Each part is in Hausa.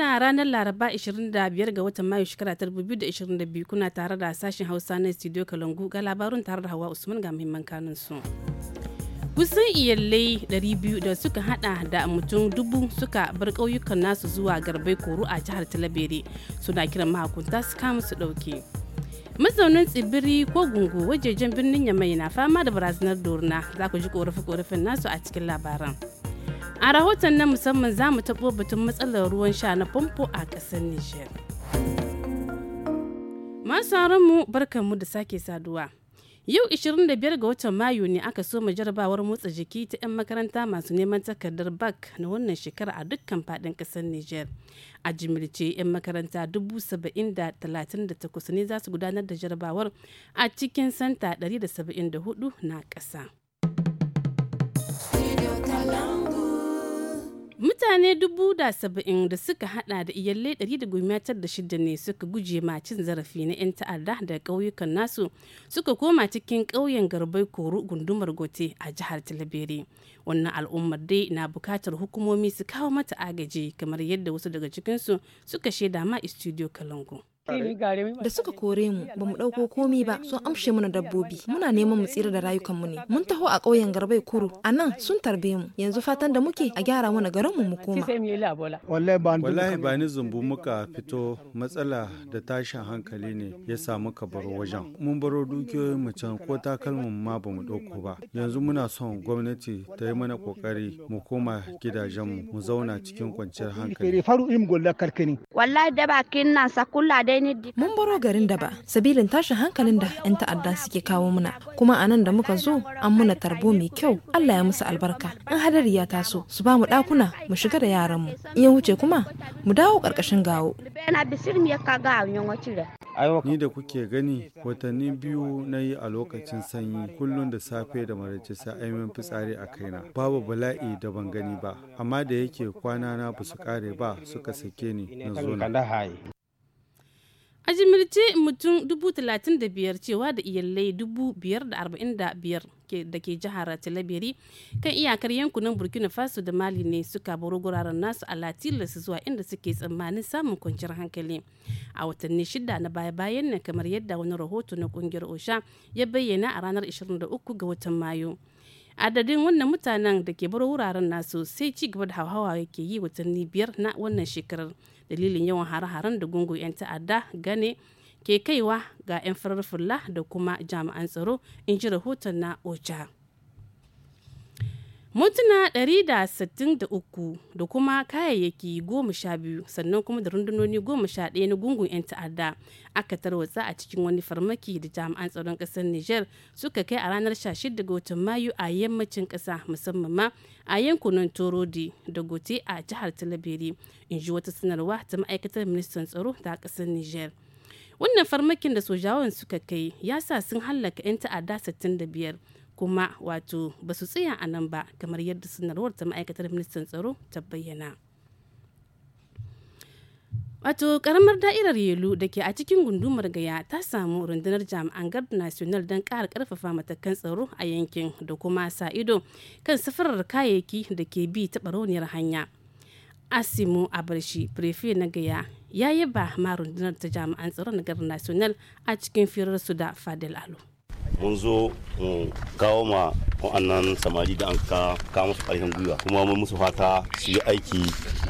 Ana ranar laraba 25 ga watan mayu shekara ta 2022 kuna tare da sashen hausa na studio kalangu ga labarun tare da hawa usman ga muhimman kanun su kusan iyalai 200 da suka hada da mutum dubu suka bar ƙauyukan nasu zuwa garbai koru a jihar talabere suna kiran mahakunta su kama su ɗauke mazaunin tsibiri ko gungu wajejen birnin yamai na fama da barazanar dorna za ku ji korafe-korafen nasu a cikin labaran a rahoton na musamman za mu taɓo batun matsalar ruwan sha na famfo a ƙasar nijar masu mu barkanmu da sake saduwa yau 25 ga watan mayu ne aka soma jarabawar motsa jiki ta 'yan makaranta masu neman takardar bak na wannan shekara a dukkan fadin kasar niger a jimilce 'yan makaranta 70,038 ne za su gudanar da jarabawar a cikin santa 174 na ƙasa. mutane dubu da saba'in da suka hada da iyalai ɗari da gumiyatar da shida ne suka guje ma cin zarafi na 'yan ta'adda da ƙauyukan nasu suka koma cikin ƙauyen garbai koru gundumar gote a jihar talabere wannan al'ummar dai na bukatar hukumomi su kawo mata agaji kamar yadda wasu daga cikinsu suka shaida ma istudiyo kalangu da suka kore mu ba mu ɗauko komi ba sun amshe mana dabbobi muna neman mu tsira da rayukanmu ne mun taho a ƙauyen garbai kuru a nan sun tarbe mu yanzu fatan da muke a gyara mana garin mu koma wallahi ba ni zumbu muka fito matsala da tashin hankali ne ya samu ka baro wajen mun baro dukiyoyin mu can ko takalmin ma ba mu ɗauko ba yanzu muna son gwamnati ta yi mana ƙoƙari mu koma gidajenmu mu zauna cikin kwanciyar hankali wallahi da bakin nan sakula dai Mun baro garin da ba, sabilin tashin hankalin da 'yan ta'adda suke kawo muna, kuma a nan da muka zo an muna tarbo mai kyau, Allah ya musu albarka. In hadari ya taso, su ba mu ɗakuna mu shiga da yaranmu. In ya wuce kuma, mu dawo ƙarƙashin gawo. Ni da kuke gani watanni biyu na yi a lokacin sanyi kullum da safe da maraice sai aimin fitsari a kaina. Babu bala'i da ban gani ba, amma da yake kwana na ba su kare ba suka sake ni na zo a mutum 35,000 cewa da iyalai 5,045 da ke jihar talabiri kan iyakar yankunan burkina faso da mali ne suka baro guraren nasu a latilas zuwa inda suke tsammanin samun kwanciyar hankali a watanni shida na baya-bayan nan kamar yadda wani rahoto na kungiyar osha ya bayyana a ranar 23 ga watan mayu adadin wannan mutanen da ke baro wuraren nasu sai ci gaba da hauhawa yake yi watanni biyar na wannan shekarar dalilin yawan hare-haren da gungun 'yan ta'adda gane ke kaiwa ga 'yan farar da kuma jami'an tsaro in ji rahoton na ocha mutuna 163 da kuma kayayyaki 12 sannan kuma da rundunoni 11 na gungun 'yan ta'adda aka tarwatsa a cikin wani farmaki da jami'an tsaron kasar niger suka kai a ranar 16 ga watan mayu a yammacin kasa musamman ma a yankunan torodi da gote a jihar talabiri in ji wata sanarwa ta ma'aikatar ministan tsaro ta kasar niger wannan farmakin da sojawan suka kai ya sa sun hallaka 'yan ta'adda 65 kuma wato ba su tsaya a nan ba kamar yadda sanarwar ta ma'aikatar ministan tsaro ta bayyana wato karamar da'irar yelu da ke a cikin gundumar gaya ta samu rundunar jami'an gard national don ƙara ƙarfafa matakan tsaro a yankin da kuma sa ido kan safarar kayayyaki da ke bi ta barauniyar hanya asimu abarshi prefe na gaya ya yaba ma rundunar ta jami'an tsaro na national a cikin su da fadel alu mun zo mu kawo ma wa'annan samari da an ka kawo musu ƙarfin gwiwa kuma mun musu fata su yi aiki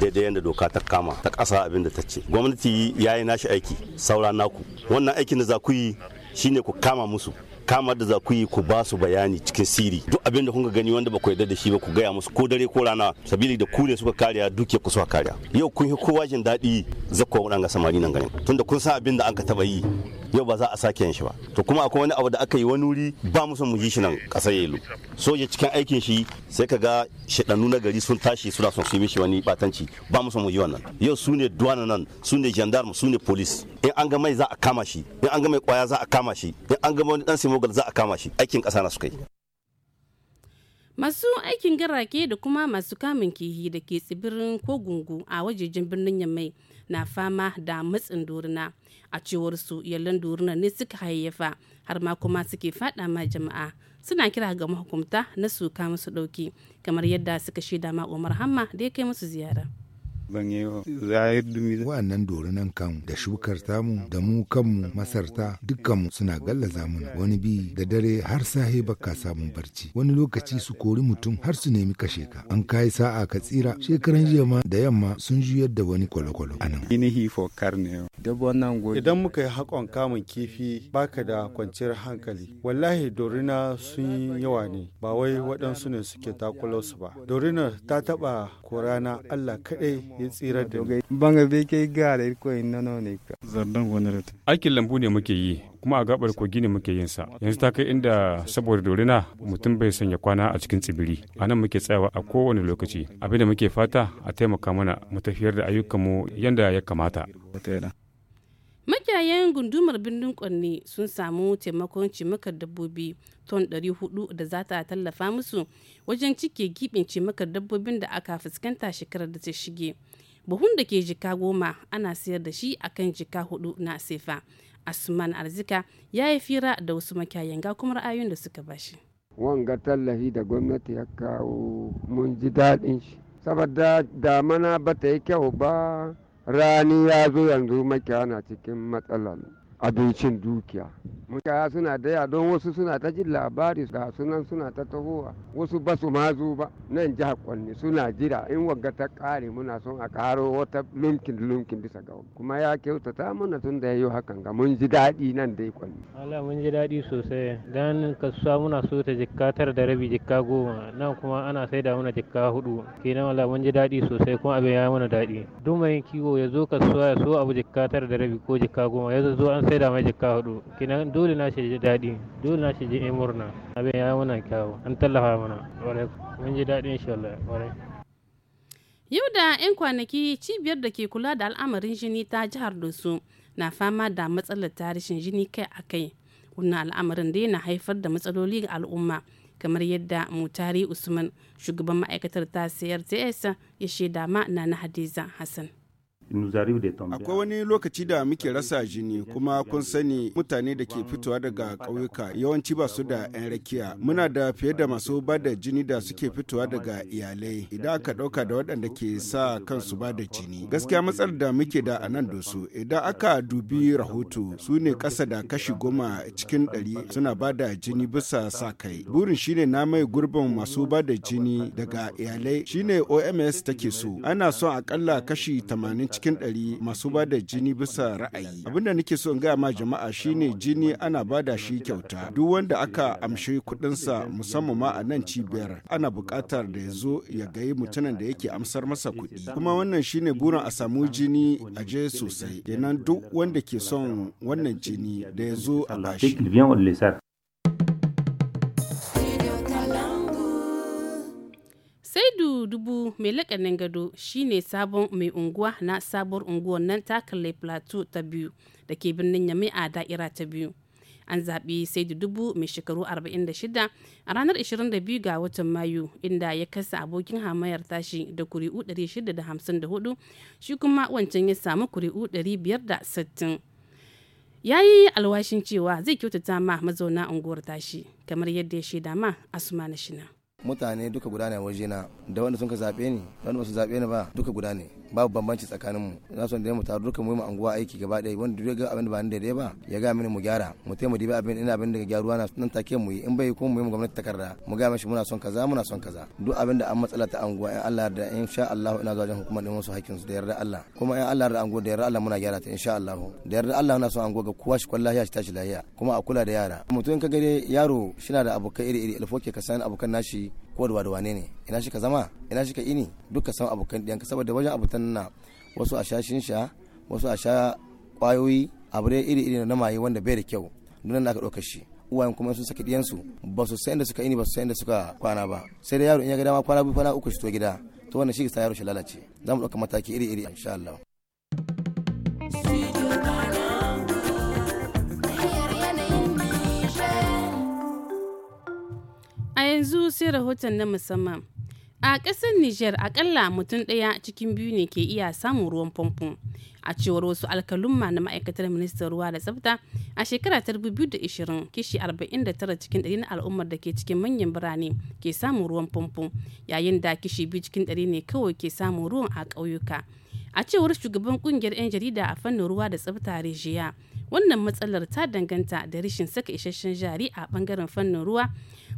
daidai yadda doka ta kama ta ƙasa abin da ta ce gwamnati ya yi nashi aiki saura naku wannan aikin da za ku yi shine ku kama musu kama da za ku yi ku ba su bayani cikin siri duk abin da kuka gani wanda ba ku yarda da shi ba ku gaya musu ko dare ko rana sabili da ku ne suka kariya duke ku suka kariya yau kun yi kowa jin daɗi zakwa waɗanga samari nan ganin tunda kun san abin da an ka taɓa yi yau ba za a sake yin shi ba to kuma akwai wani abu da aka yi wani wuri ba mu son mu ji shi nan kasar yelo soja cikin aikin shi sai ka ga shaɗannu na gari sun tashi suna son su yi mishi wani batanci ba mu son mu ji wannan yau su ne duwana nan su ne gendarme su ne police in an ga mai za a kama shi in an ga mai kwaya za a kama shi in an ga wani dan simogal za a kama shi aikin kasa na su kai masu aikin garake da kuma masu kamun kihi da ke tsibirin ko gungu a wajejen birnin yamai na fama da matsin dorina a cewar su yallan doruna ne suka hayayyafa har ma kuma suke fada ma jama'a suna kira ga mahukumta na su masu dauki kamar yadda suka shaida ma umar hamma da ya kai musu ziyara ban yi zayar dumi kan da shukar tamu da mu kanmu masarta dukkanmu suna gallaza mana wani bi da dare har sahe baka samun barci wani lokaci su kori mutum har su nemi kashe ka an kai sa'a ka tsira shekaran jiya ma da yamma sun juyar da wani kwalokwalo a nan idan muka yi hakon kamun kifi baka da kwanciyar hankali wallahi dorina sun yi yawa ne ba wai waɗansu ne suke takulo su ba dorina ta taɓa korana allah kaɗai ya tsira da Banga bai kai ne ka. Zardan Aikin lambu ne muke yi kuma a gabar kogi ne muke yin sa. Yanzu ta kai inda saboda dorina mutum bai sanya kwana a cikin tsibiri. A nan muke tsayawa a kowane lokaci. Abin da muke fata a taimaka mana mu tafiyar da ayyukanmu yanda ya kamata. makiyayen gundumar birnin kwanne sun samu taimakon cimakar dabbobi ton 400 da za ta tallafa musu wajen cike gibin cimakar dabbobin da aka fuskanta shekarar da ta shige buhun da ke jika goma ana sayar da shi akan jika hudu na sefa asman arzika ya yi fira da wasu makiyayen ga kuma ra'ayoyin da suka bashi wanga tallafi da gwamnati ya kawo mun ji daɗin shi saboda damana ba ta yi kyau ba rani ya zo yanzu makiya na cikin matsala abincin dukiya mutaya suna da yawa don wasu suna ta jin labari ga sunan suna ta tahowa wasu ba su mazu ba nan jihar kwanne suna jira in wagga ta kare muna son a karo wata lumkin lumkin bisa ga kuma ya kyautata mana tun da yayi hakan ga mun ji daɗi nan dai kwanne Allah mun ji daɗi sosai dan sa muna so ta jikka tara da rabi jikka goma nan kuma ana saida mana jikka hudu kenan Allah mun ji daɗi sosai kuma abin ya mana daɗi duk mai kiwo ya zo kasuwa ya so abu jikka tara da rabi ko jikka goma ya zo an sai da mai jikka hudu dole na shi dole na shi ji murna abin ya muna kyawu an tallafa mana mun ji daɗi insha Allah yau da 'yan kwanaki cibiyar da ke kula da al'amarin jini ta jihar dosu na fama da matsalar tarishin jini kai a kai wannan al'amarin dai na haifar da matsaloli ga al'umma kamar yadda mutari usman shugaban ma'aikatar ta sayar ya shaida ma na hadiza hassan Akwai wani lokaci da muke rasa jini kuma kun sani mutane da ke fitowa daga ƙauyuka yawanci ba su da 'yan rakiya. Muna da fiye da masu ba da jini da suke fitowa daga iyalai idan aka ɗauka da waɗanda ke sa kansu ba da jini. Gaskiya matsalar da muke da a nan dosu idan aka dubi rahoto su ne ƙasa da kashi goma cikin ɗari suna ba da jini bisa sa kai. Burin shine na mai gurbin masu ba da jini daga iyalai shine OMS take so. Ana son akalla kashi 80 cikin ɗari masu ba da jini bisa ra'ayi. Abin da nake so in gaya ma jama'a shine jini ana ba da shi kyauta. Duk wanda aka amshi kuɗinsa musamman ma a nan cibiyar ana buƙatar da ya zo ya gayi mutumin da yake amsar masa kuɗi. Kuma wannan shine burin a samu jini a je sosai. Kenan duk wanda ke son wannan jini da ya zo a bashi. saidu dubu mai lakanin gado shine sabon mai unguwa na sabuwar unguwar nan takalai plateau ta biyu da ke birnin yami a da'ira ta biyu an zaɓi saidu dubu mai shekaru 46 a ranar 22 ga watan mayu inda ya kasa abokin hamayar tashi da kuri'u 654 shi kuma wancan ya samu kuri'u 560 ya yi alwashin cewa zai kyautata ma mazauna unguwar tashi kamar yadda ya shaida ma asuma na shina mutane duka guda ne waje na da wanda sun ka zaɓe ni da wanda ba su zaɓe ni ba duka guda ne babu bambanci tsakanin mu na son da mu taru duka mu yi anguwa aiki gaba ɗaya wanda duk ga abin da ba ni daidai ba ya ga mini mu gyara mu taimu dibi abin ina abin da gyaruwa na nan take mu yi in bai kuma mu yi mu gwamnati takarda mu ga mishi muna son kaza muna son kaza duk abin da an matsala ta anguwa in Allah da in sha Allah ina zuwa jin hukumar din wasu hakkin su da yarda Allah kuma in Allah da anguwa da yarda Allah muna gyara ta in sha Allah da yarda Allah muna son anguwa ga kowa shi kwalla ya shi tashi lafiya kuma a kula da yara mutum ka gare yaro shi na da abokai iri iri alfoke ka san abokan nashi ko da wane ne ina shi ka zama ina shi ka ini duka san abokan ɗiyanka saboda wajen abokan na wasu a sha shinsha wasu a sha kwayoyi abu dai iri iri na maye wanda bai da kyau don ka ɗaukar shi uwayen kuma sun saki ɗiyansu ba su san inda suka ini ba su san inda suka kwana ba sai dai yaro in ya ga dama kwana biyu kwana uku shi to gida to wannan shi sa yaro shi lalace za mu ɗauka mataki iri iri insha Allah. yanzu sai rahoton na musamman. A ƙasar Nijar akalla mutum ɗaya cikin biyu ne ke iya samun ruwan famfo. A cewar wasu alkalumma na ma'aikatar ministan ruwa da tsafta a shekara ta 2020 kishi 49 cikin 100 na al'ummar da ke cikin manyan birane ke samun ruwan famfo yayin da kishi biyu cikin ɗari ne kawai ke samun ruwan a ƙauyuka. A cewar shugaban kungiyar 'yan jarida a fannin ruwa da tsafta Rijiya wannan matsalar ta danganta da rashin saka isasshen jari a bangaren fannin ruwa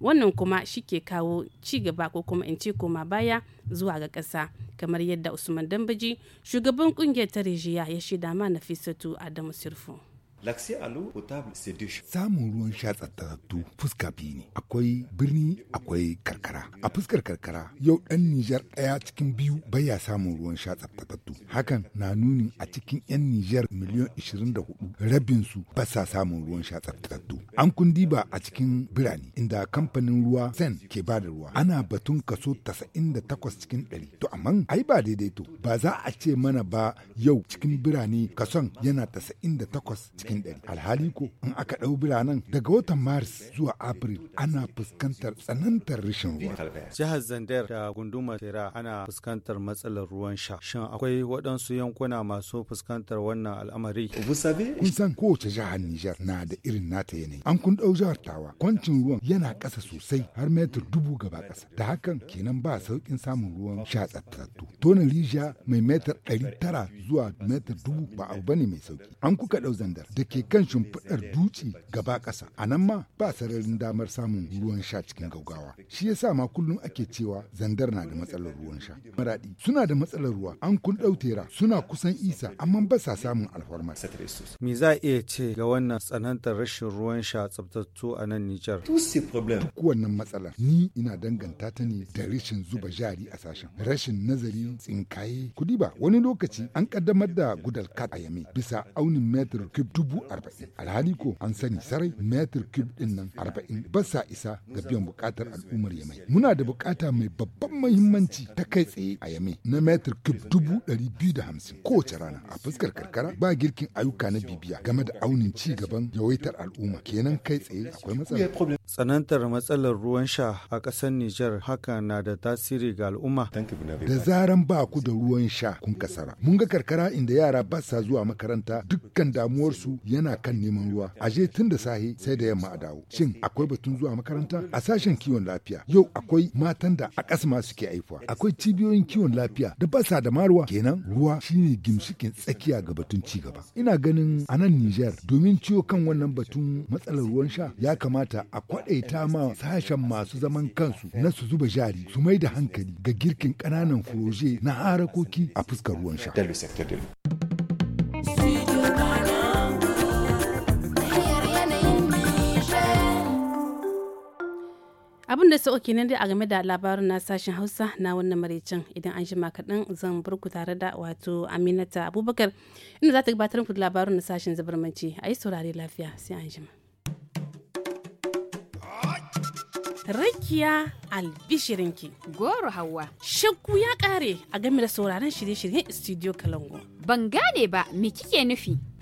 wannan kuma shi ke kawo ci gaba ko kuma in ce koma baya zuwa ga ƙasa kamar yadda usman dambaji shugaban kungiyar ta rijiya ya shaida ma nafisatu adamu sirfu L'accès à l'eau potable, c'est deux choses. Samun ruwan sha tsattattu fuska biyu ne. Akwai birni, akwai karkara. A fuskar karkara, yau ɗan Nijar ɗaya cikin biyu baya samun ruwan sha tsattattu. Hakan na nuni a cikin 'yan Nijar miliyan 24 rabin su ba sa samun ruwan sha tsattattu. An kundi ba a cikin birane inda kamfanin ruwa Sen ke ba da ruwa. Ana batun kaso 98 cikin 100. To amma ai ba daidaito. Ba za a ce mana ba yau cikin birane kason yana 98 cikin cikin ɗari alhali ko in aka ɗau biranen daga watan maris zuwa april ana fuskantar tsanantar rashin ruwa jihar zandar da gunduma tera ana fuskantar matsalar ruwan sha shin akwai waɗansu yankuna masu fuskantar wannan al'amari kun san kowace jihar nijar na da irin nata yanayi an kun ɗau jihar tawa kwancin ruwan yana ƙasa sosai har metir dubu gaba ƙasa da hakan kenan ba sauƙin samun ruwan sha tsattattu tonin rijiya mai metar ɗari tara zuwa metir dubu ba abu bane mai sauƙi an kuka ɗau zandar da ke kan shimfiɗar dutse gaba ƙasa a nan ma ba sararin damar samun ruwan sha cikin gaugawa shi ya sa ma kullum ake cewa zandar na da matsalar ruwan sha maraɗi suna da matsalar ruwa an kun ɗautera suna kusan isa amma ba sa samun alfarma me za a iya ce ga wannan tsanantar rashin ruwan sha tsabtattu a nan Nijar duk wannan matsalar ni ina danganta ta ne da rashin zuba jari a sashen rashin nazari tsinkaye kudi ba wani lokaci an kaddamar da gudal kat a yame bisa aunin metro kib dubu arba'in alhali ko an sani sarai metir cube din nan arba'in ba sa isa ga biyan bukatar al'ummar yamai muna da bukata mai babban mahimmanci ta kai tsaye a yamai na metir cube dubu ɗari biyu da hamsin kowace rana a fuskar karkara ba girkin ayyuka na bibiya game da aunin ci gaban yawaitar al'umma kenan kai tsaye akwai matsala tsanantar matsalar ruwan sha a ƙasar Nijar haka na da tasiri ga al'umma. Da zaran ba ku da ruwan sha kun kasara. Mun ga karkara inda yara ba sa zuwa makaranta dukkan damuwarsu yana kan neman ruwa a je tun da sahi sai da yamma a dawo shin akwai batun zuwa makaranta a sashen kiwon lafiya yau akwai matan da a ƙasa ma suke aifuwa akwai cibiyoyin kiwon lafiya da ba sa da maruwa kenan ruwa shine gimshikin tsakiya ga batun ci gaba ina ganin a nan Niger domin ciwo kan wannan batun matsalar ruwan sha ya kamata a kwadaita ma sashen masu zaman kansu na su zuba jari su mai da hankali ga girkin ƙananan furoje na harakoki a fuskar ruwan sha. abin da sauki ne dai a game da labarin na sashen hausa na wannan maraicin idan an jima kaɗan zan burku tare da wato aminata abubakar inda za ta gabatar muku da labarin na sashen zabarmanci a yi saurari lafiya sai an shi rakiya albishirinki goro hawa shakku ya ƙare a game da sauraron shirye-shiryen studio kalango ban gane ba me kike nufi